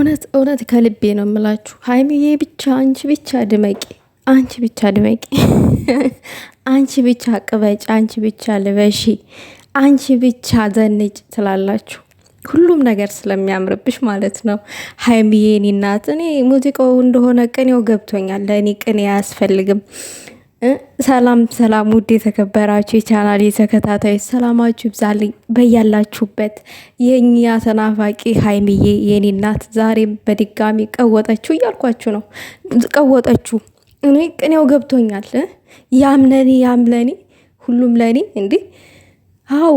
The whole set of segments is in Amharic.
እውነት እውነት ከልቤ ነው የምላችሁ። ሀይሚዬ ብቻ አንቺ ብቻ ድመቂ፣ አንቺ ብቻ ድመቂ፣ አንቺ ብቻ ቅበጭ፣ አንቺ ብቻ ልበሺ፣ አንቺ ብቻ ዘንጭ ትላላችሁ። ሁሉም ነገር ስለሚያምርብሽ ማለት ነው። ሀይሚዬ እኔ እናት እኔ ሙዚቃው እንደሆነ ቅኔው ገብቶኛል። ለእኔ ቅኔ አያስፈልግም። ሰላም ሰላም፣ ውድ የተከበራችሁ የቻናል የተከታታዮች ሰላማችሁ ይብዛልኝ በያላችሁበት። የኛ ተናፋቂ ሀይሚዬ የኔ እናት ዛሬም በድጋሚ ቀወጠችሁ እያልኳችሁ ነው። ቀወጠችሁ። እኔ ቅኔው ገብቶኛል። ያም ለኔ ያም ለኔ ሁሉም ለኔ እንዲህ አው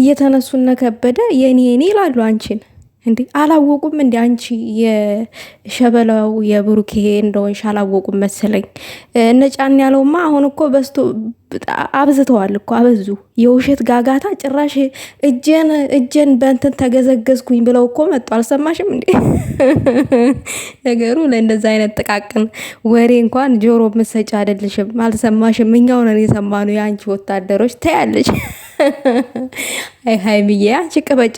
እየተነሱነ ከበደ የኔ የኔ ይላሉ አንቺን እንዴ አላወቁም። እንዲ አንቺ የሸበላው የብሩኬ እንደሆንሽ አላወቁም መሰለኝ። እነ ጫን ያለውማ አሁን እኮ በስቶ አብዝተዋል እኮ አበዙ። የውሸት ጋጋታ ጭራሽ እጄን እጄን በንትን ተገዘገዝኩኝ ብለው እኮ መጡ። አልሰማሽም እንዴ? ነገሩ ለእንደዛ አይነት ጥቃቅን ወሬ እንኳን ጆሮ ምሰጭ አይደልሽም። አልሰማሽም? እኛው ነን የሰማኑ የአንቺ ወታደሮች ተያለች አይ ብዬ አንቺ ቅበጪ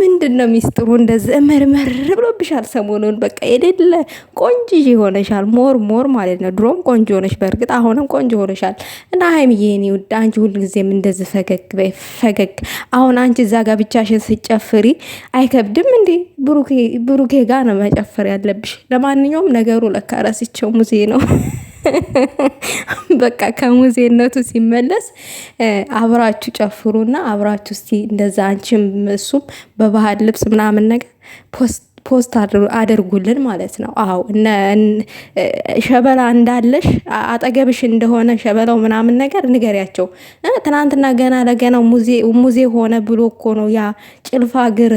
ምንድን ነው ሚስጥሩ? እንደዚህ መርመር ብሎብሻል ሰሞኑን። በቃ የሌለ ቆንጆ ሆነሻል። ሞር ሞር ማለት ነው። ድሮም ቆንጆ ሆነሽ፣ በእርግጥ አሁንም ቆንጆ ሆነሻል። እና ብዬ እኔ ውድ አንቺ ሁልጊዜም እንደዚህ ፈገግ በይ ፈገግ። አሁን አንቺ እዛ ጋ ብቻሽን ስጨፍሪ አይከብድም እንዴ? ብሩኬ ጋ ነው መጨፈር ያለብሽ። ለማንኛውም ነገሩ ለካ ረስቸው ሙዜ ነው። በቃ ከሙዜነቱ ሲመለስ አብራችሁ ጨፍሩና አብራችሁ እስቲ እንደዛ አንቺም እሱም በባህል ልብስ ምናምን ነገር ፖስት አድርጉልን ማለት ነው። አዎ ሸበላ እንዳለሽ አጠገብሽ እንደሆነ ሸበላው ምናምን ነገር ንገሪያቸው። ትናንትና ገና ለገናው ሙዜ ሆነ ብሎ እኮ ነው ያ ጭልፋ ግር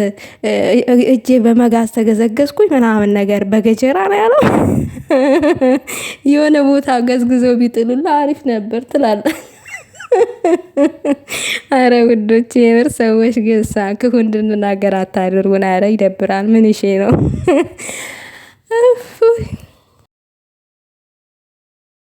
እጄ በመጋዝ ተገዘገዝኩኝ ምናምን ነገር በገጀራ ነው ያለው። የሆነ ቦታ ገዝግዘው ቢጥሉላ አሪፍ ነበር ትላለ። አረ ውዶች፣ የምር ሰዎች ግን ሳክሁ እንድንናገር አታድርጉን። አረ ይደብራል። ምን ይሼ ነው